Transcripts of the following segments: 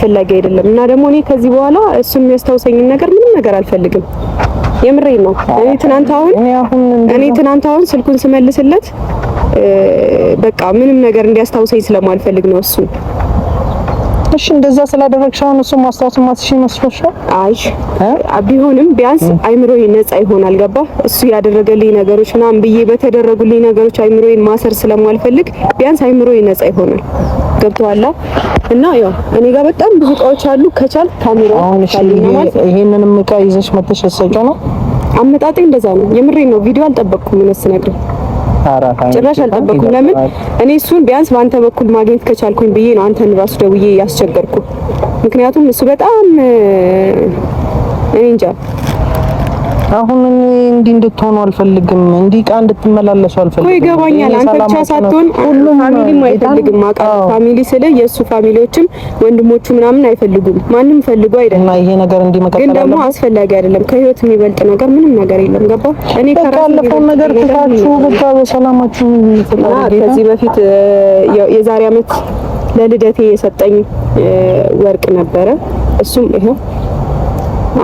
ፈላጊ አይደለም እና ደግሞ እኔ ከዚህ በኋላ እሱ የሚያስታውሰኝን ነገር ምንም ነገር አልፈልግም። የምሬ ነው። እኔ ትናንት አሁን እኔ ትናንት አሁን ስልኩን ስመልስለት በቃ ምንም ነገር እንዲያስታውሰኝ ስለማልፈልግ ነው እሱ እሺ እንደዛ ስላደረግሽ አሁን እሱ ማስታወስ ማስሽ ይመስልሻል? አይ ቢሆንም ቢያንስ አይምሮዬ ነጻ ይሆናል። ገባ እሱ ያደረገልኝ ነገሮች ምናምን ብዬ በተደረጉልኝ ነገሮች አይምሮዬን ማሰር ስለማልፈልግ ቢያንስ አይምሮዬ ነጻ ይሆናል። ገብተዋላ እና ያው እኔ ጋር በጣም ብዙ እቃዎች አሉ። ከቻል ካሜራ ይሄንንም እቃ ይዘሽ መተሽ ነው አመጣጤ እንደዛ ነው። የምሬ ነው። ቪዲዮ አልጠበቅኩም እነሱ ነገር ጭራሽ አልጠበቅኩም። ለምን እኔ እሱን ቢያንስ በአንተ በኩል ማግኘት ከቻልኩኝ ብዬ ነው አንተን ራሱ ደውዬ ያስቸገርኩ። ምክንያቱም እሱ በጣም እኔ እንጃ አሁን እንዲህ እንድትሆኑ አልፈልግም። እንዲህ ዕቃ እንድትመላለሱ አልፈልግም። ወይ ይገባኛል። አንተ ብቻ ሳትሆን ሁሉም ፋሚሊም አይፈልግም። አውቃለሁ። ፋሚሊ ስለ የእሱ ፋሚሊዎችም ወንድሞቹ ምናምን አይፈልጉም። ማንም ፈልጎ አይደለም። እና ይሄ ነገር እንዲህ መቀጠል ግን ደግሞ አስፈላጊ አይደለም። ከህይወት የሚበልጥ ነገር ምንም ነገር የለም። ገባ? እኔ ካለፈው ነገር ትታችሁ ብቻ በሰላማችሁ ከዚህ በፊት የዛሬ አመት ለልደቴ የሰጠኝ ወርቅ ነበረ። እሱም ይሄው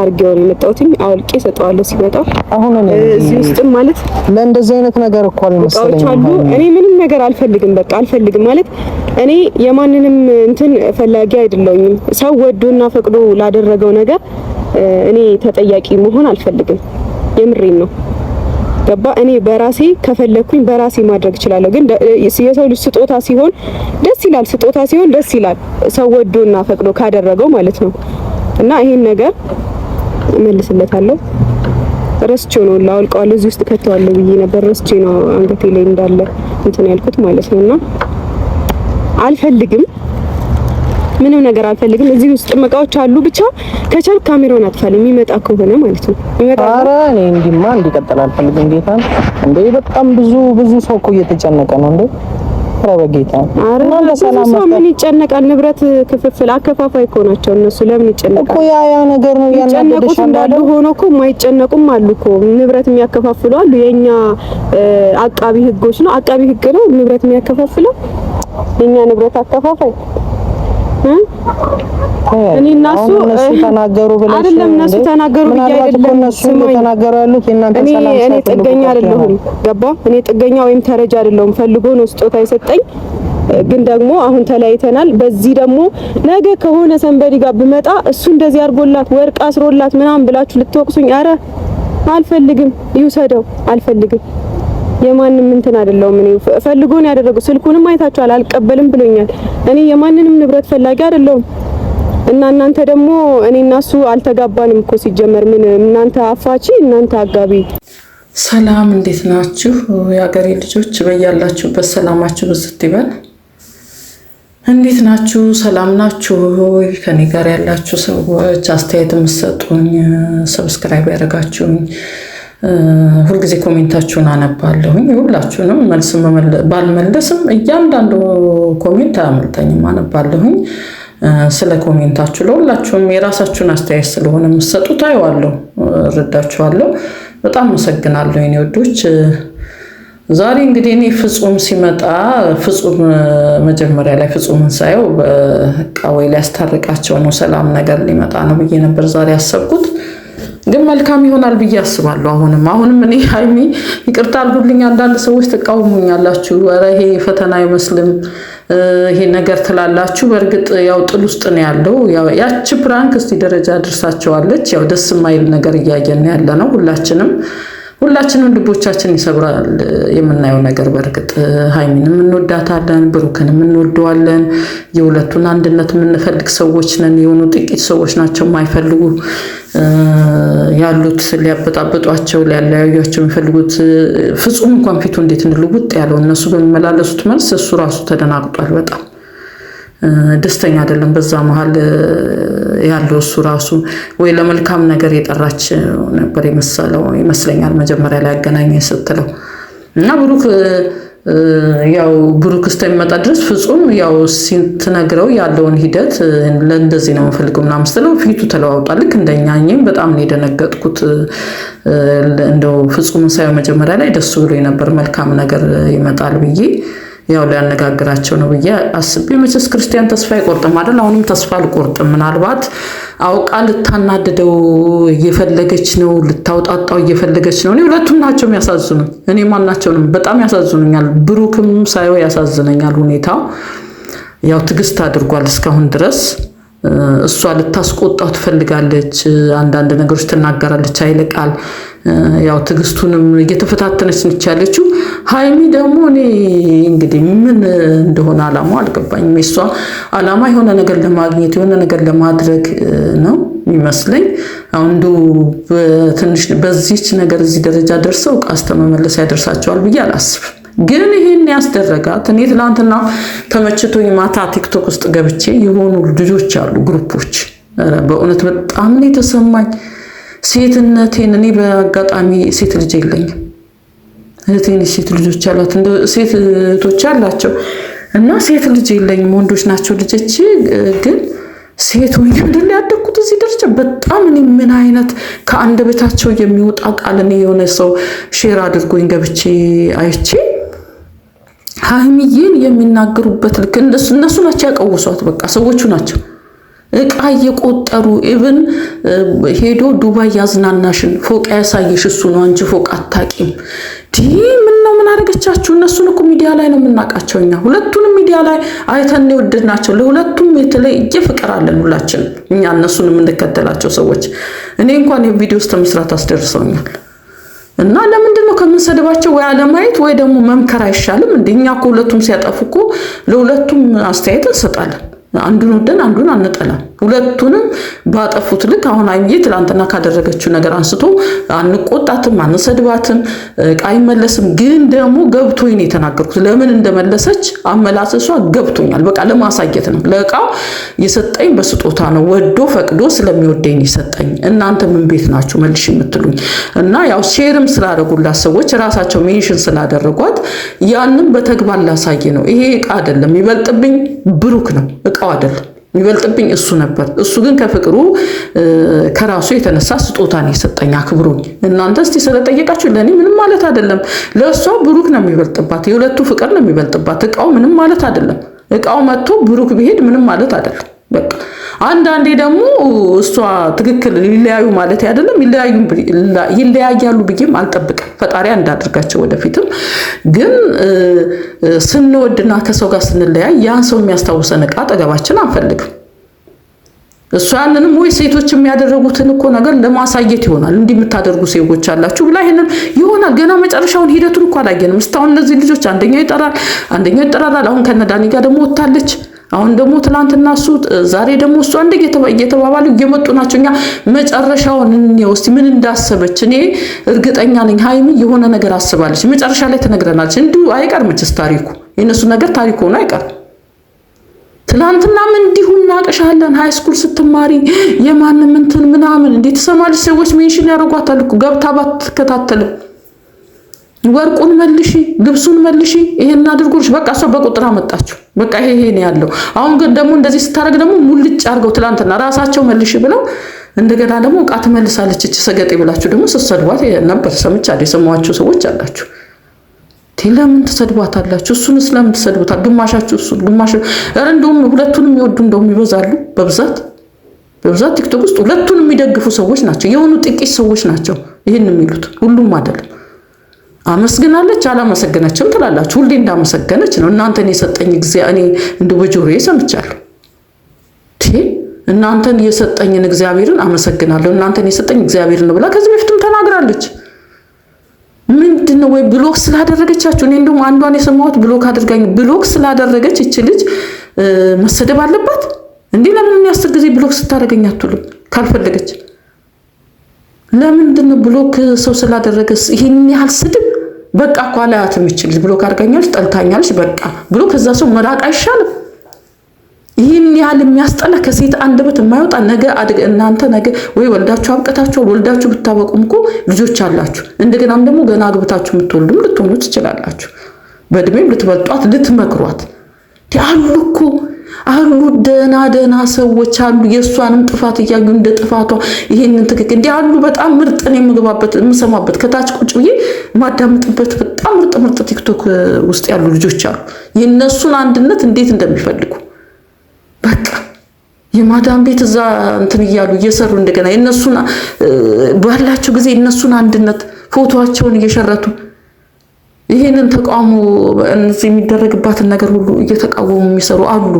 አድርጌውን የመጣሁትኝ አውልቄ ሰጠዋለሁ ሲመጣ። አሁን እዚህ ውስጥም ማለት ለእንደዚህ አይነት ነገር እኮ አልመሰለኝም። እኔ ምንም ነገር አልፈልግም፣ በቃ አልፈልግም ማለት እኔ የማንንም እንትን ፈላጊ አይደለሁኝም። ሰው ወዶና ፈቅዶ ላደረገው ነገር እኔ ተጠያቂ መሆን አልፈልግም። የምሬን ነው። ገባ እኔ በራሴ ከፈለኩኝ በራሴ ማድረግ እችላለሁ። ግን የሰው ልጅ ስጦታ ሲሆን ደስ ይላል፣ ስጦታ ሲሆን ደስ ይላል። ሰው ወዶና ፈቅዶ ካደረገው ማለት ነው እና ይሄን ነገር እመልስለታለሁ። ረስቼው ነው ላወልቀዋለሁ፣ እዚህ ውስጥ ከተዋለሁ ብዬ ነበር። ረስቼ ነው አንገቴ ላይ እንዳለ እንትን ያልኩት ማለት ነውና አልፈልግም፣ ምንም ነገር አልፈልግም። እዚህ ውስጥ እቃዎች አሉ። ብቻ ከቻል ካሜራውን አጥፋል፣ የሚመጣ ከሆነ ማለት ነው። ኧረ እኔ እንዲማ እንዲቀጥል አልፈልግም። ጌታን እንዴ! በጣም ብዙ ብዙ ሰው እኮ እየተጨነቀ ነው እንዴ አትፍራ በጌታ ምን ይጨነቃል? ንብረት ክፍፍል አከፋፋይ እኮ ናቸው እነሱ። ለምን ይጨነቃል እኮ ያ ያ ነገር ነው። የሚጨነቁት እንዳሉ ሆኖ እኮ የማይጨነቁም አሉ እኮ ንብረት የሚያከፋፍሉ አሉ። የኛ አቃቢ ህጎች ነው አቃቢ ህግ ነው ንብረት የሚያከፋፍለው የኛ ንብረት አከፋፋይ እኔ እና እሱ ጥገኛ አይደለሁም፣ ገባ? እኔ ጥገኛ ወይም ተረጃ አይደለሁም። ፈልጎ ነው ስጦታ የሰጠኝ። ግን ደግሞ አሁን ተለያይተናል። በዚህ ደግሞ ነገ ከሆነ ሰንበዲ ጋር ብመጣ እሱ እንደዚህ አድርጎላት ወርቅ አስሮላት ምናምን ብላችሁ ልትወቅሱኝ፣ አረ አልፈልግም። ይውሰደው፣ አልፈልግም የማንም እንትን አይደለሁም። እኔ ፈልጎ ነው ያደረገው። ስልኩንም አይታችኋል። አልቀበልም ብሎኛል። እኔ የማንንም ንብረት ፈላጊ አይደለሁም። እና እናንተ ደግሞ እኔ እና እሱ አልተጋባንም እኮ ሲጀመር። ምን እናንተ አፋቺ፣ እናንተ አጋቢ። ሰላም እንዴት ናችሁ የሀገሬ ልጆች? በያላችሁበት ሰላማችሁ ብዝት ይበል። እንዴት ናችሁ? ሰላም ናችሁ? ከኔ ጋር ያላችሁ ሰዎች አስተያየት የምትሰጡኝ ሰብስክራይብ ያደረጋችሁኝ ሁልጊዜ ኮሜንታችሁን አነባለሁኝ። ሁላችሁንም መልስ ባልመለስም እያንዳንዱ ኮሜንት አያመልጠኝም፣ አነባለሁኝ። ስለ ኮሜንታችሁ ለሁላችሁም የራሳችሁን አስተያየት ስለሆነ የምትሰጡት አየዋለሁ፣ እረዳችኋለሁ። በጣም አመሰግናለሁ የኔ ወዶች። ዛሬ እንግዲህ እኔ ፍጹም ሲመጣ ፍጹም መጀመሪያ ላይ ፍጹምን ሳየው በቃ ወይ ሊያስታርቃቸው ነው ሰላም ነገር ሊመጣ ነው ብዬ ነበር ዛሬ ያሰብኩት። ግን መልካም ይሆናል ብዬ አስባለሁ። አሁንም አሁንም እኔ ሀይሚ ይቅርታ አልጉልኝ። አንዳንድ ሰዎች ተቃውሙኛላችሁ ኧረ ይሄ ፈተና አይመስልም ይሄ ነገር ትላላችሁ። በእርግጥ ያው ጥል ውስጥ ነው ያለው። ያች ፕራንክ እስቲ ደረጃ አድርሳቸዋለች። ያው ደስ የማይል ነገር እያየን ያለ ነው ሁላችንም ሁላችንም ልቦቻችን ይሰብራል የምናየው ነገር። በእርግጥ ሀይሚንም እንወዳታለን፣ ብሩክንም እንወደዋለን። የሁለቱን አንድነት የምንፈልግ ሰዎች ነን። የሆኑ ጥቂት ሰዎች ናቸው የማይፈልጉ ያሉት ሊያበጣብጧቸው፣ ሊያለያዩቸው የሚፈልጉት ፍጹም እንኳን ፊቱ እንዴት እንልውጥ ያለው እነሱ በሚመላለሱት መልስ እሱ ራሱ ተደናግጧል በጣም ደስተኛ አይደለም። በዛ መሀል ያለው እሱ ራሱ ወይ ለመልካም ነገር የጠራች ነበር የመሰለው ይመስለኛል መጀመሪያ ላይ ያገናኘ ስትለው እና ብሩክ ያው ብሩክ እስከሚመጣ ድረስ ፍጹም ያው ሲትነግረው ያለውን ሂደት ለእንደዚህ ነው ምፈልግ ምናምን ስትለው ፊቱ ተለዋውጣ ልክ እንደኛ እኔም በጣም ነው የደነገጥኩት። እንደው ፍጹም ሳይሆን መጀመሪያ ላይ ደስ ብሎ የነበር መልካም ነገር ይመጣል ብዬ ያው ሊያነጋግራቸው ነው ብዬ አስቤ። መቼስ ክርስቲያን ተስፋ አይቆርጥም አይደል? አሁንም ተስፋ አልቆርጥም። ምናልባት አውቃ ልታናድደው እየፈለገች ነው፣ ልታውጣጣው እየፈለገች ነው። እኔ ሁለቱም ናቸው የሚያሳዝኑ። እኔ ማናቸውንም በጣም ያሳዝኑኛል። ብሩክም ሳይሆን ያሳዝነኛል ሁኔታው። ያው ትዕግስት አድርጓል እስካሁን ድረስ እሷ ልታስቆጣው ትፈልጋለች። አንዳንድ ነገሮች ትናገራለች፣ አይለቃል ያው ትዕግስቱንም እየተፈታተነች ነች ያለችው። ሀይሚ ደግሞ እኔ እንግዲህ ምን እንደሆነ አላማው አልገባኝም። የእሷ አላማ የሆነ ነገር ለማግኘት የሆነ ነገር ለማድረግ ነው ይመስለኝ። አንዱ በትንሽ በዚች ነገር እዚህ ደረጃ ደርሰው እቃ መመለስ ያደርሳቸዋል ብዬ አላስብም። ግን ይህን ያስደረጋት እኔ ትናንትና ተመችቶኝ ማታ ቲክቶክ ውስጥ ገብቼ የሆኑ ልጆች አሉ ግሩፖች፣ በእውነት በጣም ነው የተሰማኝ። ሴትነቴን እኔ በአጋጣሚ ሴት ልጅ የለኝም፣ እህቴን ሴት ልጆች አሏት፣ እንደ ሴት እህቶች አላቸው እና ሴት ልጅ የለኝም፣ ወንዶች ናቸው ልጆች። ግን ሴት ሆኜ አይደል ያደግኩት እዚህ ደረጃ። በጣም እኔ ምን አይነት ከአንደበታቸው የሚወጣ ቃል እኔ የሆነ ሰው ሼር አድርጎኝ ገብቼ አይቼ ሀህምዬን የሚናገሩበት ልክ እነሱ ናቸው ያቀውሷት። በቃ ሰዎቹ ናቸው እቃ እየቆጠሩ ኢብን ሄዶ ዱባይ ያዝናናሽን ፎቅ ያሳየሽ እሱ ነው። አንቺ ፎቅ አታቂም ምን ነው ምን አደረገቻችሁ? እነሱን እኮ ሚዲያ ላይ ነው የምናውቃቸው እኛ ሁለቱንም ሚዲያ ላይ አይተን የወደድናቸው። ለሁለቱም የተለየ ፍቅር አለን ሁላችን እኛ እነሱን የምንከተላቸው ሰዎች። እኔ እንኳን የቪዲዮ እስከ መስራት አስደርሰውኛል። እና ለምንድን ነው ከምንሰድባቸው ወይ አለማየት ወይ ደግሞ መምከር አይሻልም? እንደ እኛ እኮ ሁለቱም ሲያጠፉ እኮ ለሁለቱም አስተያየት እንሰጣለን። አንዱን ወደን አንዱን አንጠላም። ሁለቱንም ባጠፉት ልክ አሁን ሀይሚዬ ትላንትና ካደረገችው ነገር አንስቶ አንቆጣትም፣ አንሰድባትም፣ ዕቃ አይመለስም። ግን ደግሞ ገብቶኝ ነው የተናገርኩት። ለምን እንደመለሰች አመላሰሷ ገብቶኛል። በቃ ለማሳየት ነው። ለዕቃው የሰጠኝ በስጦታ ነው፣ ወዶ ፈቅዶ ስለሚወደኝ የሰጠኝ። እናንተ ምን ቤት ናችሁ መልሽ የምትሉኝ? እና ያው ሼርም ስላደረጉላት ሰዎች ራሳቸው ሜንሽን ስላደረጓት ያንም በተግባር ላሳየ ነው። ይሄ ዕቃ አይደለም፣ ይበልጥብኝ ብሩክ ነው፣ ዕቃው አይደለም። የሚበልጥብኝ እሱ ነበር። እሱ ግን ከፍቅሩ ከራሱ የተነሳ ስጦታን የሰጠኝ አክብሮኝ። እናንተ እስቲ ስለጠየቃችሁ ለእኔ ምንም ማለት አይደለም። ለእሷ ብሩክ ነው የሚበልጥባት፣ የሁለቱ ፍቅር ነው የሚበልጥባት። እቃው ምንም ማለት አይደለም። እቃው መጥቶ ብሩክ ቢሄድ ምንም ማለት አይደለም። በቃ አንዳንዴ ደግሞ እሷ ትክክል ሊለያዩ ማለት አይደለም። ይለያያሉ ብዬም አልጠብቅም። ፈጣሪ እንዳደርጋቸው ወደፊትም ግን ስንወድና ከሰው ጋር ስንለያይ ያን ሰው የሚያስታውሰን እቃ አጠገባችን አንፈልግም። እሷ ያንንም ወይ ሴቶች የሚያደረጉትን እኮ ነገር ለማሳየት ይሆናል እንዲህ የምታደርጉ ሴቶች አላችሁ ብላ ይሄንን ይሆናል። ገና መጨረሻውን ሂደቱን እኮ አላየንም እስካሁን። እነዚህ ልጆች አንደኛው ይጠራል፣ አንደኛው ይጠራራል። አሁን ከነዳኒ ጋር ደግሞ ወታለች። አሁን ደግሞ ትናንትና እሱ ዛሬ ደግሞ እሱ አንድ እየተባባሉ እየመጡ ናቸው። እኛ መጨረሻውን እንየው እስቲ ምን እንዳሰበች። እኔ እርግጠኛ ነኝ ሀይሚ የሆነ ነገር አስባለች። መጨረሻ ላይ ተነግረናለች። እንዲሁ አይቀርም ችስ ታሪኩ የእነሱ ነገር ታሪኩ ሆኖ አይቀርም። ትናንትናም እንዲሁ እናቅሻለን ሃይስኩል ስትማሪ የማንም እንትን ምናምን እንዴት ትሰማለች። ሰዎች ሜንሽን ያደርጓታል እኮ ገብታ ባትከታተልም ወርቁን መልሺ፣ ልብሱን መልሺ፣ ይሄን አድርጎልሽ በቃ እሷ በቁጥር አመጣችሁ። በቃ ይሄ ይሄን ያለው። አሁን ግን ደግሞ እንደዚህ ስታደርግ ደግሞ ሙልጭ አድርገው ትላንትና ራሳቸው መልሺ ብለው እንደገና ደግሞ እቃ ትመልሳለች እች ሰገጤ ብላችሁ ደግሞ ስትሰድቧት ነበር። ሰምቻለሁ፣ የሰማኋቸው ሰዎች አላችሁ። ለምን ትሰድቧት አላችሁ? እሱን ለምን ትሰድቡታል? ግማሻችሁ እሱ ግማሽ እንደውም ሁለቱንም የሚወዱ እንደውም ይበዛሉ በብዛት በብዛት ቲክቶክ ውስጥ ሁለቱን የሚደግፉ ሰዎች ናቸው። የሆኑ ጥቂት ሰዎች ናቸው ይህን የሚሉት፣ ሁሉም አይደለም። አመስግናለች አላመሰገነችም ትላላችሁ። ሁሌ እንዳመሰገነች ነው። እናንተን የሰጠኝ ጊዜ እኔ እንደ በጆሮዬ ሰምቻለሁ። እናንተን የሰጠኝን እግዚአብሔርን አመሰግናለሁ፣ እናንተን የሰጠኝ እግዚአብሔርን ብላ ከዚህ በፊትም ተናግራለች። ምንድን ነው ወይ ብሎክ ስላደረገቻችሁ? እኔ እንደውም አንዷን የሰማሁት ብሎክ አድርጋኝ፣ ብሎክ ስላደረገች ይች ልጅ መሰደብ አለባት እንዴ? ለምን አስር ጊዜ ብሎክ ስታደረገኝ አትውልም ካልፈለገች ለምንድን ብሎክ ሰው ስላደረገ ይህን ያህል ስድብ? በቃ እኮ አላያትም ይችል ብሎክ አድርጋኛለች፣ ጠልታኛለች፣ በቃ ብሎ ከዛ ሰው መራቅ አይሻልም? ይህን ያህል የሚያስጠላ ከሴት አንደበት የማይወጣ ነገ አድገ እናንተ ነገ ወይ ወልዳችሁ አብቅታችኋል። ወልዳችሁ ብታበቁም እኮ ልጆች አላችሁ። እንደገናም ደግሞ ገና አግብታችሁ የምትወልዱም ልትሆኑ ትችላላችሁ። በእድሜም ልትበልጧት ልትመክሯት ያሉ እኮ አሉ ደህና ደህና ሰዎች አሉ። የእሷንም ጥፋት እያዩ እንደ ጥፋቷ ይሄንን ትክክል እንዲህ አሉ። በጣም ምርጥን የምግባበት የምሰማበት ከታች ቁጭ ብዬ ማዳምጥበት በጣም ምርጥ ምርጥ ቲክቶክ ውስጥ ያሉ ልጆች አሉ። የእነሱን አንድነት እንዴት እንደሚፈልጉ በቃ የማዳም ቤት እዛ እንትን እያሉ እየሰሩ እንደገና የእነሱን ባላቸው ጊዜ የእነሱን አንድነት ፎቶቸውን እየሸረቱ ይህንን ተቃውሞ እነዚህ የሚደረግባትን ነገር ሁሉ እየተቃወሙ የሚሰሩ አሉ።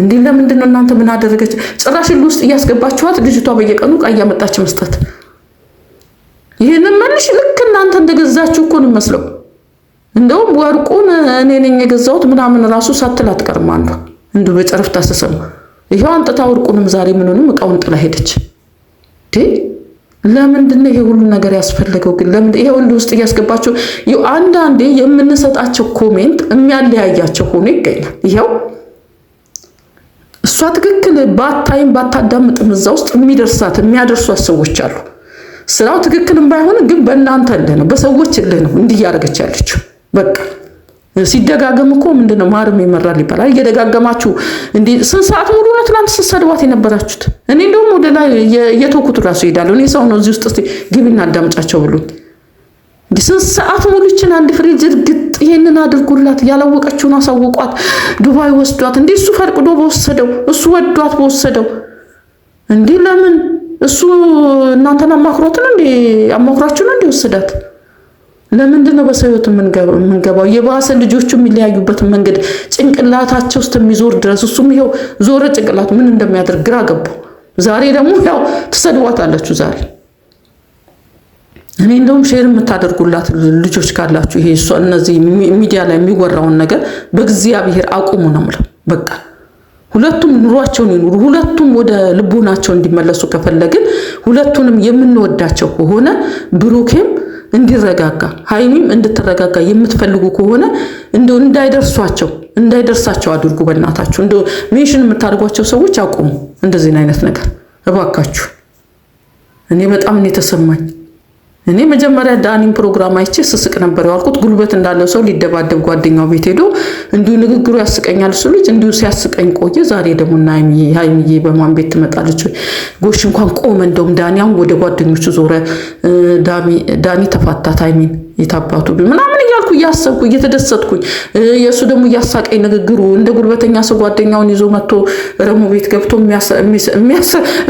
እንዲህ ለምንድን ነው እናንተ ምን አደረገች? ጭራሽ ሉ ውስጥ እያስገባችኋት ልጅቷ በየቀኑ ዕቃ እያመጣች መስጠት። ይህንን መልሽ ልክ እናንተ እንደገዛችሁ እኮ ነው የሚመስለው። እንደውም ወርቁን እኔ ነኝ የገዛሁት ምናምን ራሱ ሳትል አትቀርም አንዷ። እንዲሁ በጨረፍታ ስሰማ ይኸው አንጥታ ወርቁንም ዛሬ ምንሆንም እቃውን ጥላ ሄደች። ለምንድን ነው ይሄ ሁሉ ነገር ያስፈለገው ግን? ለምን ይሄ ሁሉ ውስጥ እያስገባችሁ አንዳንዴ የምንሰጣቸው ኮሜንት የሚያለያያቸው ሆኖ ይገኛል ይኸው ትክክል ባታይም ባታዳምጥም እዛ ውስጥ የሚደርሳት የሚያደርሷት ሰዎች አሉ። ስራው ትክክልም ባይሆን ግን በእናንተ እልህ ነው፣ በሰዎች እልህ ነው እንዲህ እያደረገች ያለችው። በቃ ሲደጋገም እኮ ምንድነው ማርም ይመራል ይባላል። እየደጋገማችሁ እንዲ ስንት ሰዓት ሙሉ ነው ትናንት ስትሰድቧት የነበራችሁት? እኔ እንደውም ወደ ላይ እየተውኩት እራሱ እሄዳለሁ። እኔ ሰው ነው እዚህ ውስጥ ግቢና አዳምጫቸው ብሉኝ ስንት ሰዓት ሙሉ አንድ ፍሪጅ እርግጥ ይሄንን አድርጉላት ያላወቀችውን አሳውቋት ዱባይ ወስዷት፣ እንዲህ እሱ ፈርቅዶ በወሰደው እሱ ወዷት በወሰደው እንዲህ ለምን እሱ እናንተን አማክሮትን እንዲ አማክሯችሁን እንዲ ወስዳት። ለምንድን ነው በሰው ህይወት የምንገባው? የባሰ ልጆቹ የሚለያዩበትን መንገድ ጭንቅላታቸው ውስጥ የሚዞር ድረስ እሱም ይኸው ዞረ ጭንቅላት ምን እንደሚያደርግ ግራ ገባው። ዛሬ ደግሞ ያው ትሰድቧታላችሁ ዛሬ እኔ እንደውም ሼር የምታደርጉላት ልጆች ካላችሁ ይሄ እነዚህ ሚዲያ ላይ የሚወራውን ነገር በእግዚአብሔር አቁሙ ነው ምለው። በቃ ሁለቱም ኑሯቸውን ይኑሩ። ሁለቱም ወደ ልቦናቸው እንዲመለሱ ከፈለግን ሁለቱንም የምንወዳቸው ከሆነ ብሩኬም እንዲረጋጋ ሀይሚም እንድትረጋጋ የምትፈልጉ ከሆነ እንደው እንዳይደርሷቸው እንዳይደርሳቸው አድርጉ። በእናታችሁ እንደው ሜንሽን የምታደርጓቸው ሰዎች አቁሙ እንደዚህን አይነት ነገር እባካችሁ። እኔ በጣም ነው የተሰማኝ። እኔ መጀመሪያ ዳኒን ፕሮግራም አይቼ ስስቅ ነበር ያልኩት። ጉልበት እንዳለ ሰው ሊደባደብ ጓደኛው ቤት ሄዶ እንዲሁ ንግግሩ ያስቀኛል። እሱ ልጅ እንዲሁ ሲያስቀኝ ቆየ። ዛሬ ደግሞ እና ሀይሚዬ በማን ቤት ትመጣለች? ጎሽ እንኳን ቆመ። እንደውም ዳኒ አሁን ወደ ጓደኞቹ ዞረ። ዳኒ ተፋታት ሀይሚን የታባቱ ምናምን እያልኩ እያሰብኩ እየተደሰትኩኝ የእሱ ደግሞ እያሳቀኝ ንግግሩ እንደ ጉልበተኛ ሰው ጓደኛውን ይዞ መጥቶ ረሙ ቤት ገብቶ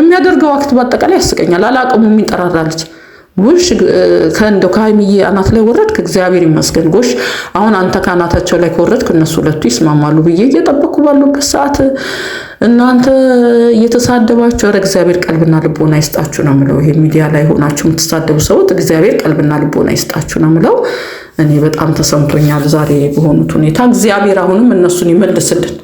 የሚያደርገው አክት በአጠቃላይ ያስቀኛል። አላቅሙ የሚንጠራራለች ውሽ ከእንደ ከሀይሚዬ አናት ላይ ወረድክ፣ እግዚአብሔር ይመስገን። ጎሽ አሁን አንተ ከአናታቸው ላይ ከወረድክ እነሱ ሁለቱ ይስማማሉ ብዬ እየጠበኩ ባሉበት ሰዓት እናንተ እየተሳደባችሁ፣ ኧረ እግዚአብሔር ቀልብና ልቦና ይስጣችሁ ነው ምለው። ይሄ ሚዲያ ላይ ሆናችሁ የምትሳደቡ ሰዎች እግዚአብሔር ቀልብና ልቦና ይስጣችሁ ነው ምለው። እኔ በጣም ተሰምቶኛል ዛሬ በሆኑት ሁኔታ። እግዚአብሔር አሁንም እነሱን ይመልስልን።